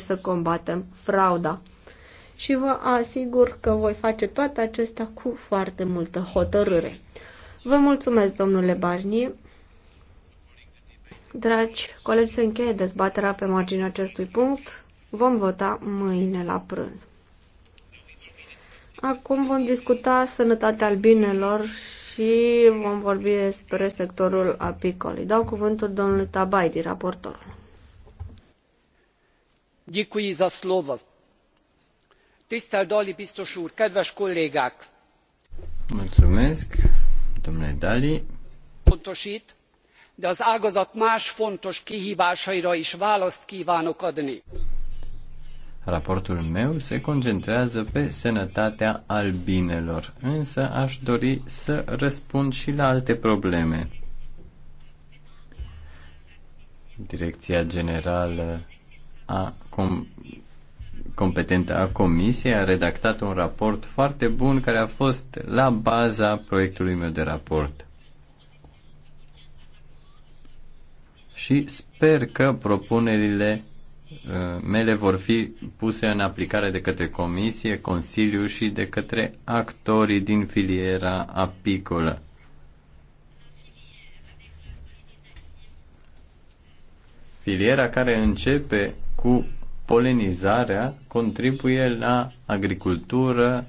să combatem frauda. Și vă asigur că voi face toate acestea cu foarte multă hotărâre. Vă mulțumesc, domnule Barnier. Dragi colegi, se încheie dezbaterea pe marginea acestui punct. Vom vota mâine la prânz. Acum vom discuta sănătatea albinelor și vom vorbi despre sectorul apicolii. dau cuvântul domnului Tabaidi, raportorul tisztelt dalli biztos úr kedves kollégák! pontosít de az ágazat más fontos kihvásaira is választ kvánok adni. Raportul meu se concentrează pe sănătatea albinelor, însă aș dori să răspund și la alte probleme. Direcția Generală a com- competentă a Comisiei a redactat un raport foarte bun care a fost la baza proiectului meu de raport. Și sper că propunerile uh, mele vor fi puse în aplicare de către Comisie, Consiliu și de către actorii din filiera apicolă. Filiera care începe cu polenizarea contribuie la agricultură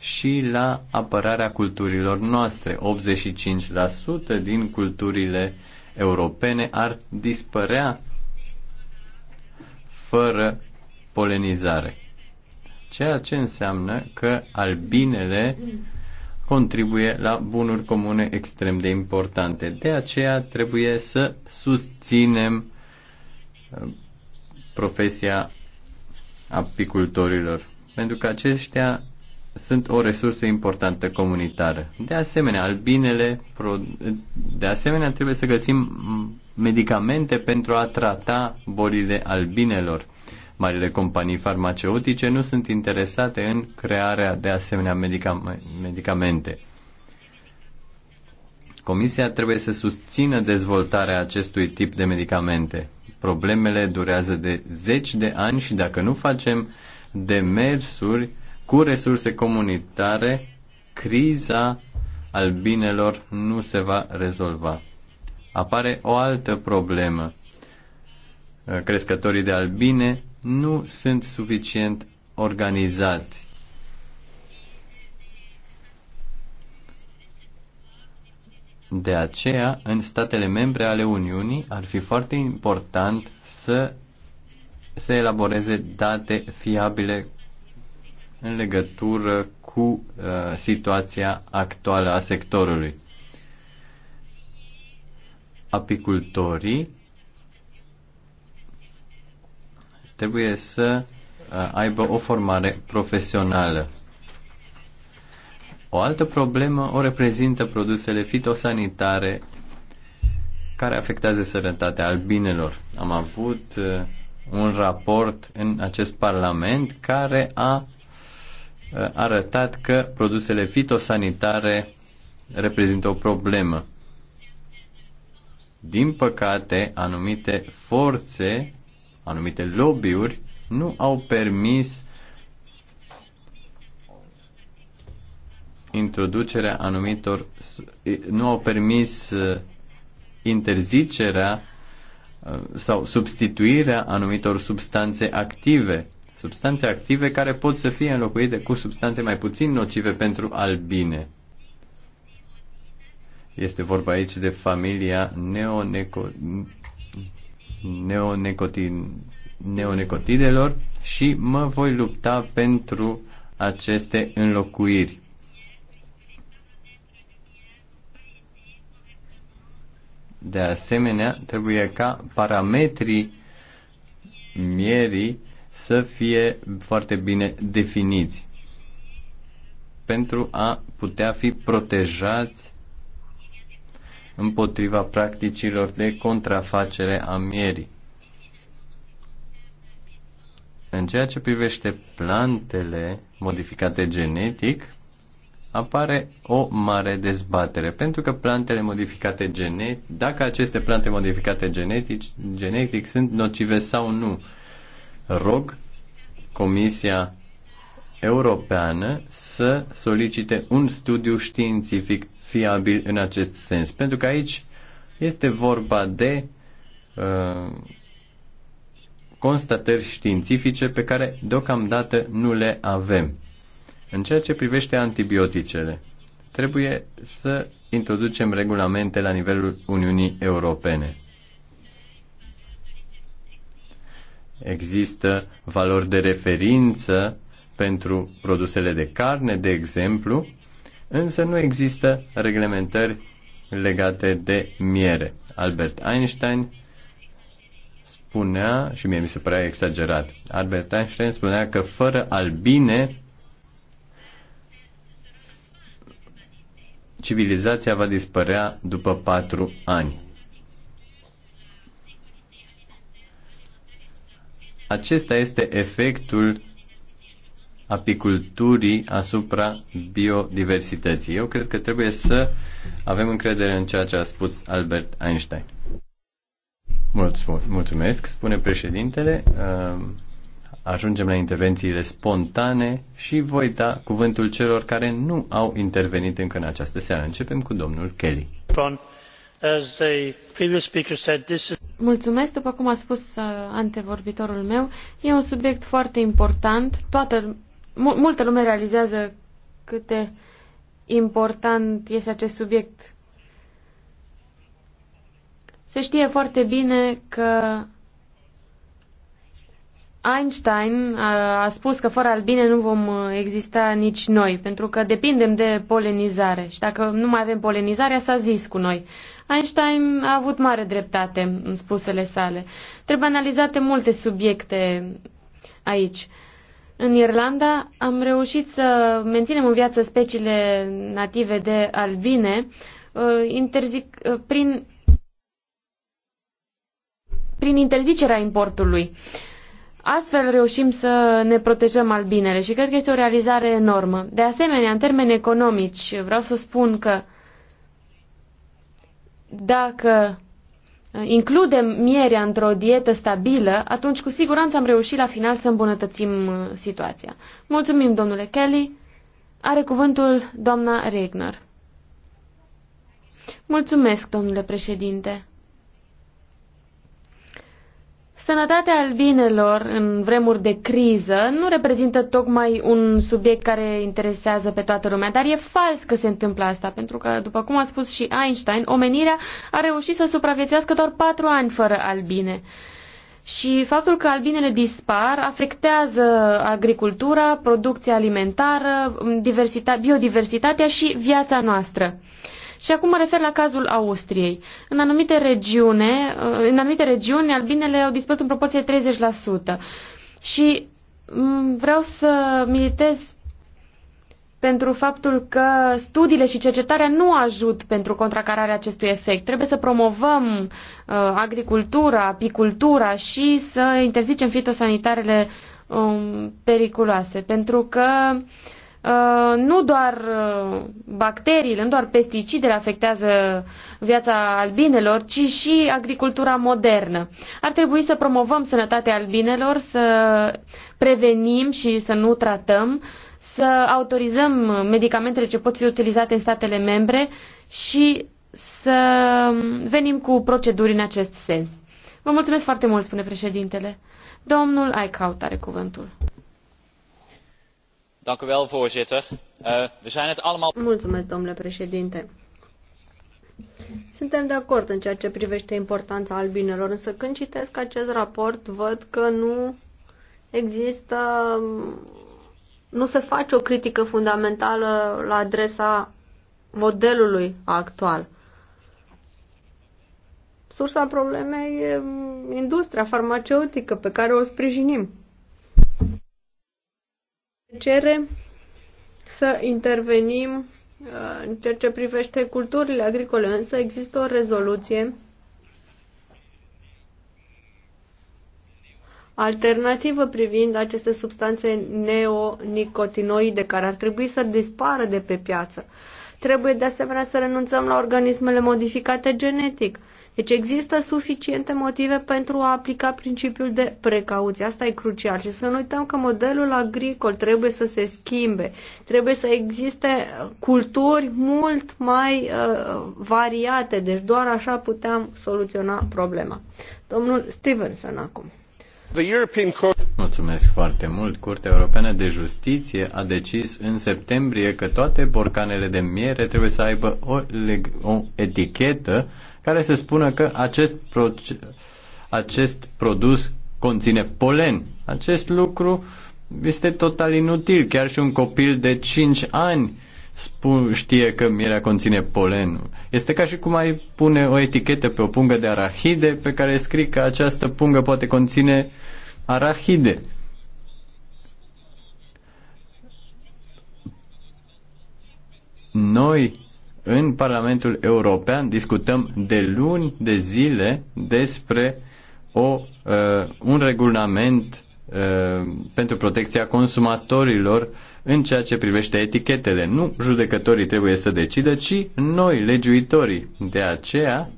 și la apărarea culturilor noastre. 85% din culturile europene ar dispărea fără polenizare. Ceea ce înseamnă că albinele contribuie la bunuri comune extrem de importante. De aceea trebuie să susținem profesia apicultorilor, pentru că aceștia sunt o resursă importantă comunitară. De asemenea, albinele, de asemenea trebuie să găsim medicamente pentru a trata bolile albinelor. Marile companii farmaceutice nu sunt interesate în crearea de asemenea medicamente. Comisia trebuie să susțină dezvoltarea acestui tip de medicamente. Problemele durează de zeci de ani și dacă nu facem demersuri cu resurse comunitare, criza albinelor nu se va rezolva. Apare o altă problemă. Crescătorii de albine nu sunt suficient organizați De aceea, în statele membre ale Uniunii ar fi foarte important să se elaboreze date fiabile în legătură cu uh, situația actuală a sectorului. Apicultorii trebuie să uh, aibă o formare profesională. O altă problemă o reprezintă produsele fitosanitare care afectează sănătatea albinelor. Am avut uh, un raport în acest parlament care a uh, arătat că produsele fitosanitare reprezintă o problemă. Din păcate, anumite forțe, anumite lobby-uri nu au permis introducerea anumitor, nu au permis interzicerea sau substituirea anumitor substanțe active, substanțe active care pot să fie înlocuite cu substanțe mai puțin nocive pentru albine. Este vorba aici de familia neoneco, neonecotin, neonecotidelor și mă voi lupta pentru aceste înlocuiri. De asemenea, trebuie ca parametrii mierii să fie foarte bine definiți pentru a putea fi protejați împotriva practicilor de contrafacere a mierii. În ceea ce privește plantele modificate genetic, apare o mare dezbatere, pentru că plantele modificate genetic, dacă aceste plante modificate genetic, genetic sunt nocive sau nu. Rog Comisia Europeană să solicite un studiu științific fiabil în acest sens, pentru că aici este vorba de uh, constatări științifice pe care deocamdată nu le avem în ceea ce privește antibioticele, trebuie să introducem regulamente la nivelul Uniunii Europene. Există valori de referință pentru produsele de carne, de exemplu, însă nu există reglementări legate de miere. Albert Einstein spunea, și mie mi se părea exagerat, Albert Einstein spunea că fără albine civilizația va dispărea după patru ani. Acesta este efectul apiculturii asupra biodiversității. Eu cred că trebuie să avem încredere în ceea ce a spus Albert Einstein. Mulțumesc, spune președintele ajungem la intervențiile spontane și voi da cuvântul celor care nu au intervenit încă în această seară. Începem cu domnul Kelly. Mulțumesc, după cum a spus uh, antevorbitorul meu, e un subiect foarte important. Toată, multă lume realizează cât de important este acest subiect. Se știe foarte bine că Einstein a spus că fără albine nu vom uh, exista nici noi, pentru că depindem de polenizare și dacă nu mai avem polenizarea, s-a zis cu noi. Einstein a avut mare dreptate în spusele sale. Trebuie analizate multe subiecte aici. În Irlanda am reușit să menținem în viață speciile native de albine uh, interzic, uh, prin, prin interzicerea importului. Astfel reușim să ne protejăm albinele și cred că este o realizare enormă. De asemenea, în termeni economici, vreau să spun că dacă includem mierea într-o dietă stabilă, atunci cu siguranță am reușit la final să îmbunătățim uh, situația. Mulțumim, domnule Kelly. Are cuvântul doamna Regner. Mulțumesc, domnule președinte. Sănătatea albinelor în vremuri de criză nu reprezintă tocmai un subiect care interesează pe toată lumea, dar e fals că se întâmplă asta, pentru că, după cum a spus și Einstein, omenirea a reușit să supraviețuiască doar patru ani fără albine. Și faptul că albinele dispar afectează agricultura, producția alimentară, biodiversitatea și viața noastră. Și acum mă refer la cazul Austriei. În anumite, regiune, uh, în anumite regiuni, albinele au dispărut în proporție de 30%. Și mm, vreau să militez pentru faptul că studiile și cercetarea nu ajut pentru contracararea acestui efect. Trebuie să promovăm uh, agricultura, apicultura și să interzicem fitosanitarele um, periculoase, pentru că uh, Uh, nu doar uh, bacteriile, nu doar pesticidele afectează viața albinelor, ci și agricultura modernă. Ar trebui să promovăm sănătatea albinelor, să prevenim și să nu tratăm, să autorizăm medicamentele ce pot fi utilizate în statele membre și să venim cu proceduri în acest sens. Vă mulțumesc foarte mult, spune președintele. Domnul Aicaut are cuvântul. Eh, Mulțumesc, domnule președinte. Suntem de acord în ceea ce privește importanța albinelor, însă când citesc acest raport văd că nu există, nu se face o critică fundamentală la adresa modelului actual. Sursa problemei e industria farmaceutică pe care o sprijinim cere să intervenim uh, în ceea ce privește culturile agricole, însă există o rezoluție alternativă privind aceste substanțe neonicotinoide care ar trebui să dispară de pe piață. Trebuie de asemenea să renunțăm la organismele modificate genetic. Deci există suficiente motive pentru a aplica principiul de precauție. Asta e crucial. Și să nu uităm că modelul agricol trebuie să se schimbe. Trebuie să existe culturi mult mai uh, variate. Deci doar așa puteam soluționa problema. Domnul Stevenson acum. Mulțumesc foarte mult. Curtea Europeană de Justiție a decis în septembrie că toate borcanele de miere trebuie să aibă o, o etichetă care se spună că acest, proce- acest produs conține polen. Acest lucru este total inutil. Chiar și un copil de 5 ani spun, știe că mierea conține polen. Este ca și cum ai pune o etichetă pe o pungă de arahide pe care scrii că această pungă poate conține arahide. Noi în Parlamentul European discutăm de luni de zile despre o, uh, un regulament uh, pentru protecția consumatorilor în ceea ce privește etichetele. Nu judecătorii trebuie să decidă, ci noi, legiuitorii. De aceea,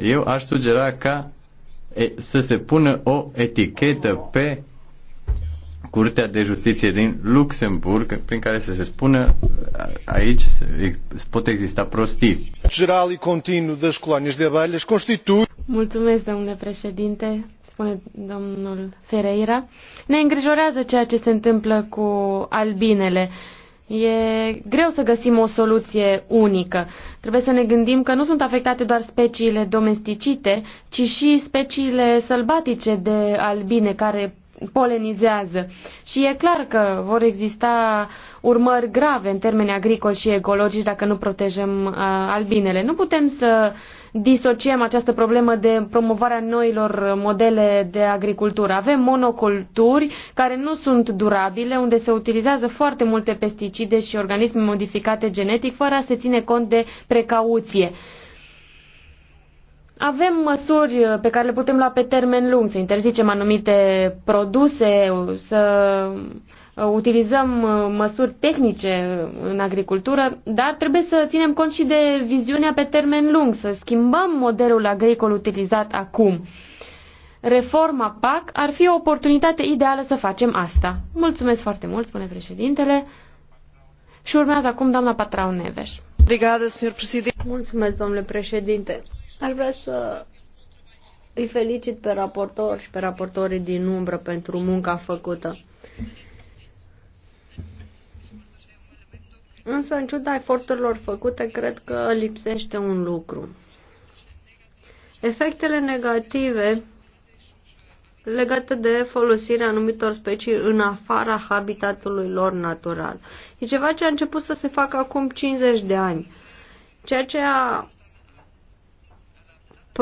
eu aș sugera ca să se pună o etichetă pe Curtea de Justiție din Luxemburg, prin care să se spună aici pot exista prostii. General și continuu de colonias de abelhas constituie. Mulțumesc, domnule președinte, spune domnul Ferreira. Ne îngrijorează ceea ce se întâmplă cu albinele. E greu să găsim o soluție unică. Trebuie să ne gândim că nu sunt afectate doar speciile domesticite, ci și speciile sălbatice de albine care polenizează. Și e clar că vor exista urmări grave în termeni agricoli și ecologici dacă nu protejăm uh, albinele. Nu putem să disociem această problemă de promovarea noilor modele de agricultură. Avem monoculturi care nu sunt durabile, unde se utilizează foarte multe pesticide și organisme modificate genetic fără a se ține cont de precauție. Uh, avem măsuri uh, pe care le putem lua pe termen lung, să interzicem anumite produse, uh, să uh, utilizăm măsuri tehnice în agricultură, dar trebuie să ținem cont și de viziunea pe termen lung, să schimbăm modelul agricol utilizat acum. Reforma PAC ar fi o oportunitate ideală să facem asta. Mulțumesc foarte mult, spune președintele. Și urmează acum doamna Patrau Neveș. Mulțumesc, domnule președinte Aș vrea să îi felicit pe raportor și pe raportorii din umbră pentru munca făcută. Însă, în ciuda eforturilor făcute, cred că lipsește un lucru. Efectele negative legate de folosirea anumitor specii în afara habitatului lor natural. E ceva ce a început să se facă acum 50 de ani, ceea ce a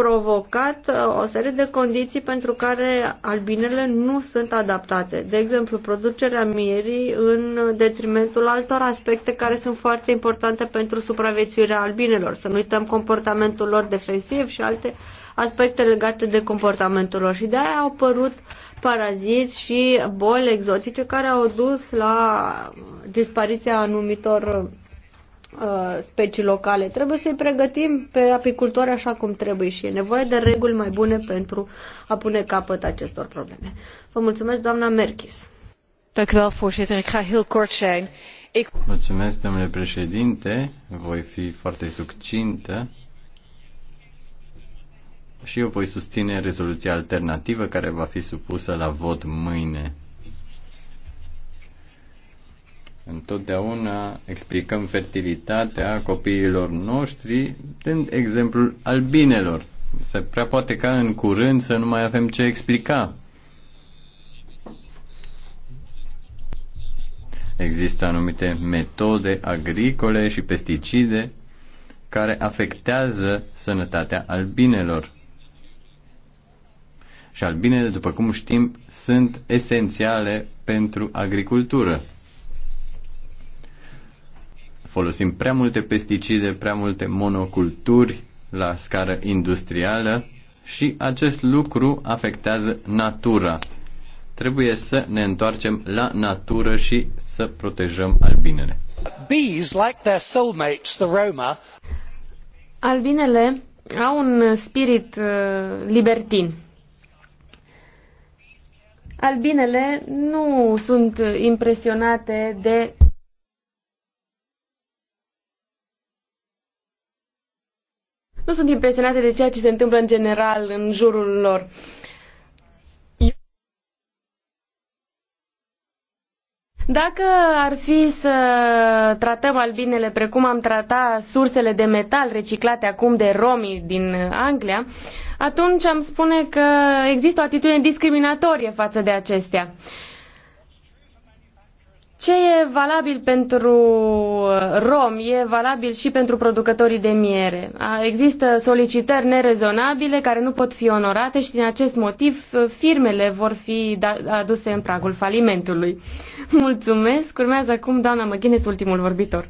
provocat uh, o serie de condiții pentru care albinele nu sunt adaptate. De exemplu, producerea mierii în detrimentul altor aspecte care sunt foarte importante pentru supraviețuirea albinelor. Să nu uităm comportamentul lor defensiv și alte aspecte legate de comportamentul lor. Și de aia au apărut paraziți și boli exotice care au dus la dispariția anumitor Uh, specii locale. Trebuie să-i pregătim pe apicultori așa cum trebuie și e nevoie de reguli mai bune pentru a pune capăt acestor probleme. Vă mulțumesc, doamna Merkis. Mulțumesc, domnule președinte. Voi fi foarte succintă și eu voi susține rezoluția alternativă care va fi supusă la vot mâine. Întotdeauna explicăm fertilitatea copiilor noștri dând exemplul albinelor. Se prea poate ca în curând să nu mai avem ce explica. Există anumite metode agricole și pesticide care afectează sănătatea albinelor. Și albinele, după cum știm, sunt esențiale pentru agricultură. Folosim prea multe pesticide, prea multe monoculturi la scară industrială și acest lucru afectează natura. Trebuie să ne întoarcem la natură și să protejăm albinele. Bees, like their soulmates, the Roma. Albinele au un spirit uh, libertin. Albinele nu sunt impresionate de nu sunt impresionate de ceea ce se întâmplă în general în jurul lor. Dacă ar fi să tratăm albinele precum am tratat sursele de metal reciclate acum de romii din Anglia, atunci am spune că există o atitudine discriminatorie față de acestea. Ce e valabil pentru uh, rom e valabil și pentru producătorii de miere. Există solicitări nerezonabile care nu pot fi onorate și din acest motiv uh, firmele vor fi da, aduse în pragul falimentului. Mulțumesc. Urmează acum doamna McGuinness, ultimul vorbitor.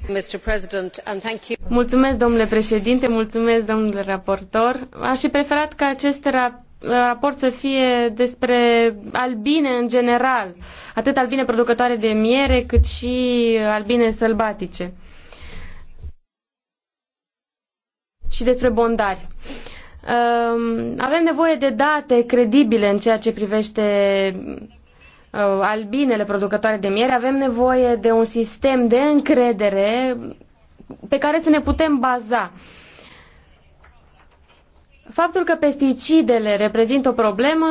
Mulțumesc, domnule președinte, mulțumesc, domnule raportor. Aș fi preferat ca acest raport raport să fie despre albine în general, atât albine producătoare de miere, cât și albine sălbatice. Și despre bondari. Um, avem nevoie de date credibile în ceea ce privește uh, albinele producătoare de miere, avem nevoie de un sistem de încredere pe care să ne putem baza. Uh, Faptul că pesticidele reprezintă o problemă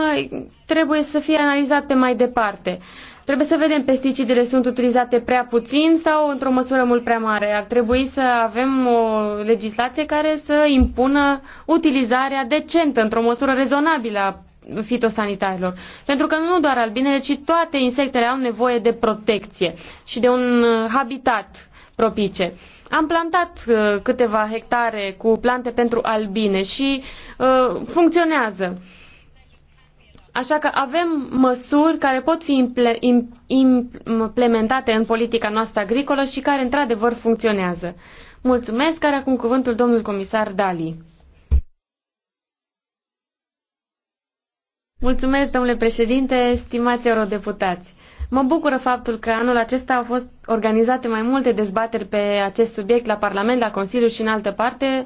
trebuie să fie analizat pe mai departe. Trebuie să vedem pesticidele sunt utilizate prea puțin sau într-o măsură mult prea mare. Ar trebui să avem o legislație care să impună utilizarea decentă, într-o măsură rezonabilă a fitosanitarilor. Pentru că nu doar albinele, ci toate insectele au nevoie de protecție și de un habitat propice. Am plantat uh, câteva hectare cu plante pentru albine și uh, funcționează. Așa că avem măsuri care pot fi implementate în politica noastră agricolă și care într-adevăr funcționează. Mulțumesc, care acum cuvântul domnul comisar Dali. Mulțumesc, domnule președinte, stimați eurodeputați. Mă bucură faptul că anul acesta au fost organizate mai multe dezbateri pe acest subiect la Parlament, la Consiliu și în altă parte,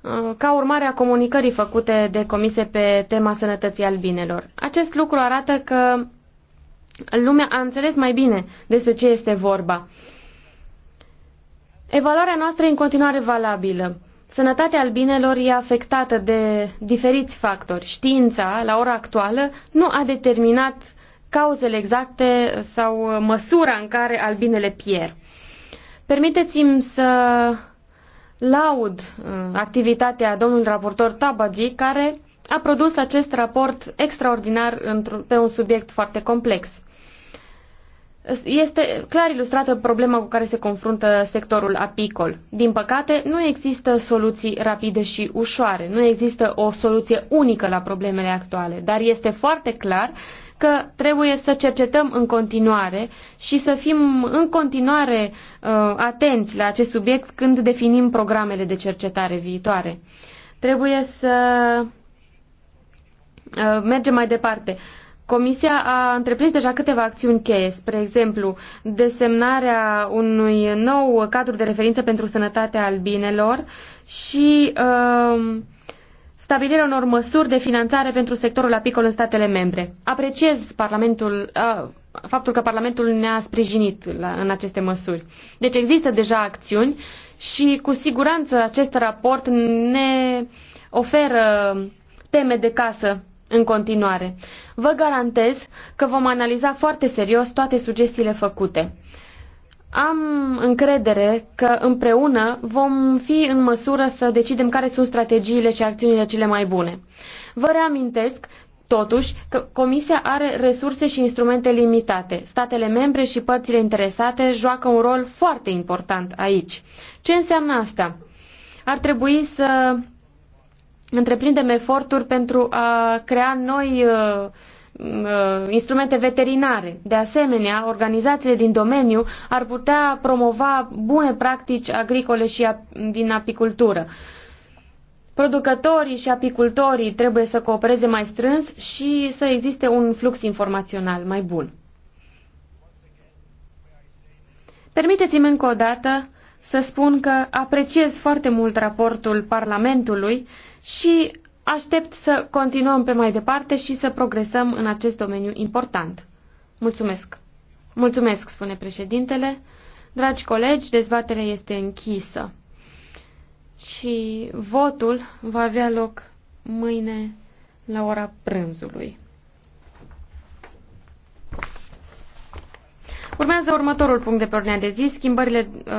uh, ca urmare a comunicării făcute de comise pe tema sănătății albinelor. Acest lucru arată că lumea a înțeles mai bine despre ce este vorba. Evaluarea noastră e în continuare valabilă. Sănătatea albinelor e afectată de diferiți factori. Știința, la ora actuală, nu a determinat uh, cauzele exacte sau uh, măsura în care albinele pierd. Permiteți-mi să laud uh, activitatea domnului raportor Tabagi, care a produs acest raport extraordinar pe un subiect foarte complex. Este clar ilustrată problema cu care se confruntă sectorul apicol. Din păcate, nu există soluții rapide și ușoare, nu există o soluție unică la problemele actuale, dar este foarte clar că trebuie să cercetăm în continuare și să fim în continuare uh, atenți la acest subiect când definim programele de cercetare viitoare. Trebuie să uh, mergem mai departe. Comisia a întreprins deja câteva acțiuni cheie, spre exemplu, desemnarea unui nou cadru de referință pentru sănătatea albinelor și uh, stabilirea unor măsuri de finanțare pentru sectorul apicol în statele membre. Apreciez Parlamentul, a, faptul că Parlamentul ne-a sprijinit la, în aceste măsuri. Deci există deja acțiuni și cu siguranță acest raport ne oferă teme de casă în continuare. Vă garantez că vom analiza foarte serios toate sugestiile făcute. Am încredere că împreună vom fi în măsură să decidem care sunt strategiile și acțiunile cele mai bune. Vă reamintesc Totuși, că Comisia are resurse și instrumente limitate. Statele membre și părțile interesate joacă un rol foarte important aici. Ce înseamnă asta? Ar trebui să întreprindem eforturi pentru a crea noi uh, Uh, instrumente veterinare. De asemenea, organizațiile din domeniu ar putea promova bune practici agricole și din apicultură. Producătorii și apicultorii trebuie să coopereze mai strâns și să existe un flux informațional mai bun. Permiteți-mi încă o dată să spun că apreciez foarte mult raportul Parlamentului și Aștept să continuăm pe mai departe și să progresăm în acest domeniu important. Mulțumesc! Mulțumesc, spune președintele. Dragi colegi, dezbaterea este închisă și votul va avea loc mâine la ora prânzului. Urmează următorul punct de pe ordinea de zi, schimbările uh,